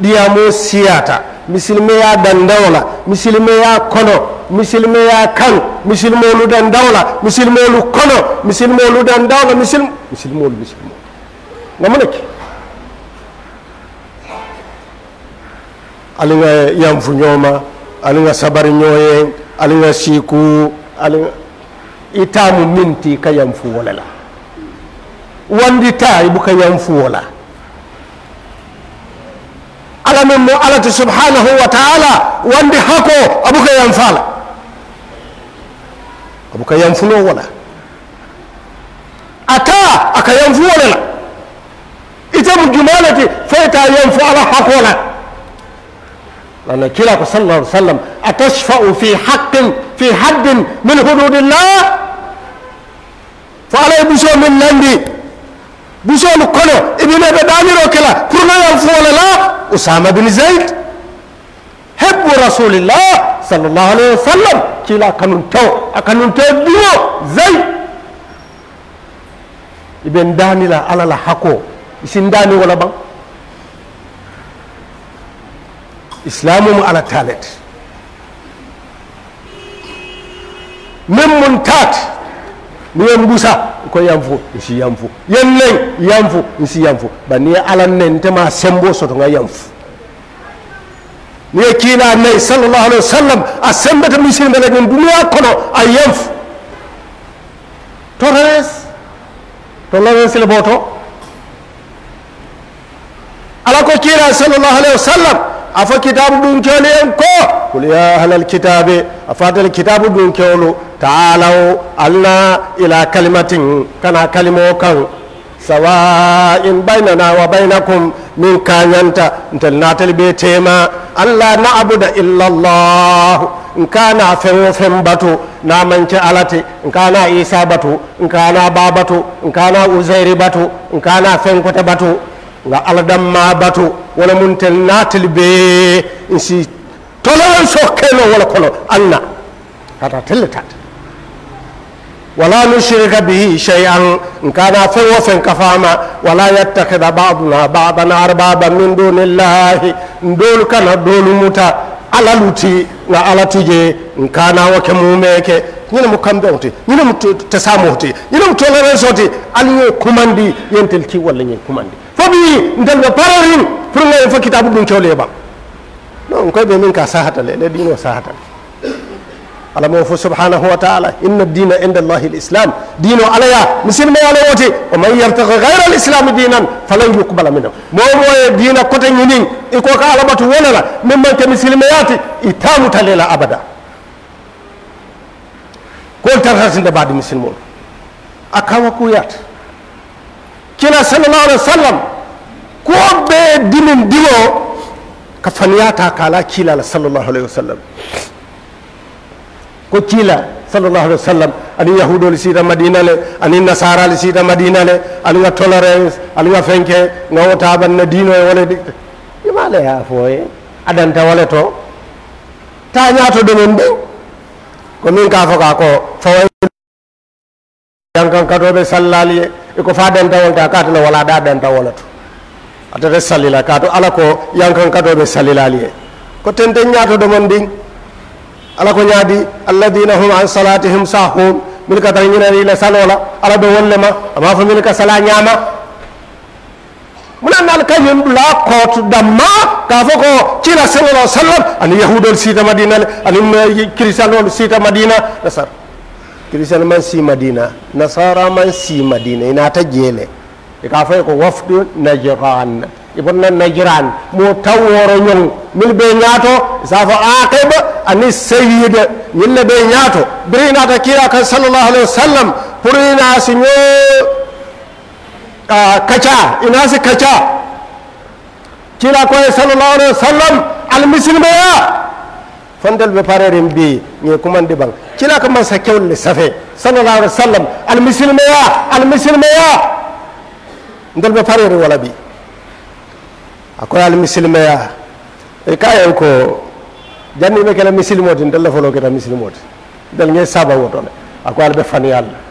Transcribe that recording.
ɗiyamo siyata ya dan dawla ya kono misilmeya kanu misilmolu dan dawla misilmolu kono misilmolu dan dawla misil misilmolu misilmolu ngam nek ali nga yamfu ñoma ali nga sabari ñoyen ali nga siku ali itamu minti ka yamfu wala la wandi tay bu ala min mo alati subhanahu wa taala wandi hako abuka yanfala abuka yanfulo wala ata aka yanfu wala la ita mu jumalati faita yanfu ala hako wala لأن كلاك صلى الله عليه وسلم أتشفأ في حق في حد من حدود الله فعلى يبسو من لندي بوسول كله ابن ابي دامر وكلا كرنا يفول لا اسامه بن زيد حب رسول الله صلى الله عليه وسلم كلا كانون تو كانون تو ديو زي ابن داني لا على لا حكو داني ولا بان اسلامهم على تالت من منتات yembusa ko yanfu nsi yanfu yellen yanfu nsi yanfu bari ni ye ala nentema sembo soto nga yanfu ni ye kiila nayi sallallahu alaihi wasallam a sembata misilme la ñin duniya kono a yanfu tores to lonen sila boto ala ko kiila sallallahu alaihi wasallam afa kitabu ɗum keeli en ko kulu ya halal kitaabe a fatan kitabu tun fiye da ulu ta'alau allah illa kalimantin kana kalmakan sawa in baina nawa bainakun min kanyanta in tali na tali bai taimaka na abu da illa allahu n kani a bato n kani a man ca ala isa bato n kani a ba bato n kani a uzayri bato n kani a fɛn bato n ga bato wani mun tali na tali bai. tolan sokkeno wala kono anna kata telletata wala nushrika bihi shay'an nkana fen wo fen kafama wala yattakida baduna badan arbaba min dunillahi ndolu kana dolu muta ala luti na ala tije nkana woke mumeke ñine mu kambe oti ñine mu tesamo oti ñine mu tolérance oti ali ye kumandi yentel ki walla ñe kumandi fobi ndel be pararin pour ngaye fo kitabu ɗum cewle ba ɗon koye ɓe min ka sahata le ɗe ɗino sahata alama o fof subhanahu wa taala inna dina inde allahi l islam diino alaya musidɓe ala woti o man yartaka gayra l islami dinan falan yuqbala minhu momoye diina coté ñinin iko ko alamatu wonala min manke misilmeyati i tamuta abada kol tarhatinde baade misilmol a kawa kuyata kila sallallah alih wa sallam ko ɓe dinin diwo kafaniyata kala kilala sallllahu alayhi wa sallam ko kiila sallllahu alih wa sallam aɗa yahudol siita madina le anin nasarali siita madina le aɗaga tolérance aɗaga fenke gawo taɓanna dino e wala ɗigta imale ha foye aɗanta wala to tañato ɗumen ɓe ko min ka foka ko fawayankan katoɓe sallali e ko fa ɗanta wolta katana wala ɗa ɗanta wala to adata sallila kaato ala ko yankankatoɓe sallilali he ko tenten ñatoɗo mon ndin ala ko ñaadi alladina hum an salatihum sahun min ka tan ñinanila sanola ala ɓe wollema ama fo min ka sala ñama munan al kañum la kooto damma ka fo ko cila sanola sallam ani yahudol siita madina le ani christian ol siita madina nasar christian man si madina nasara man si madina inata jeele ikafai ko wafdu najran ibonna najran mo taw woro ñon min be ñaato safo aqib ani sayyid ñille be ñaato birinata kira kan sallallahu alaihi wasallam pour ina si ño kaca ina si kaca kira koye sallallahu alaihi wasallam almuslimaya fondel ɓe pareren mbi ñe kumandi ɓan kila ko man sa kewlle safe sallallahu alaihi wasallam almuslimaya almuslimaya ndal ba farere wala bi akoye ala misilmeya e ka en ko janni me kala janniɓe kela misilmode dalla folo keta misilmode dal gue saba wotone ako ala ɓe fani yalla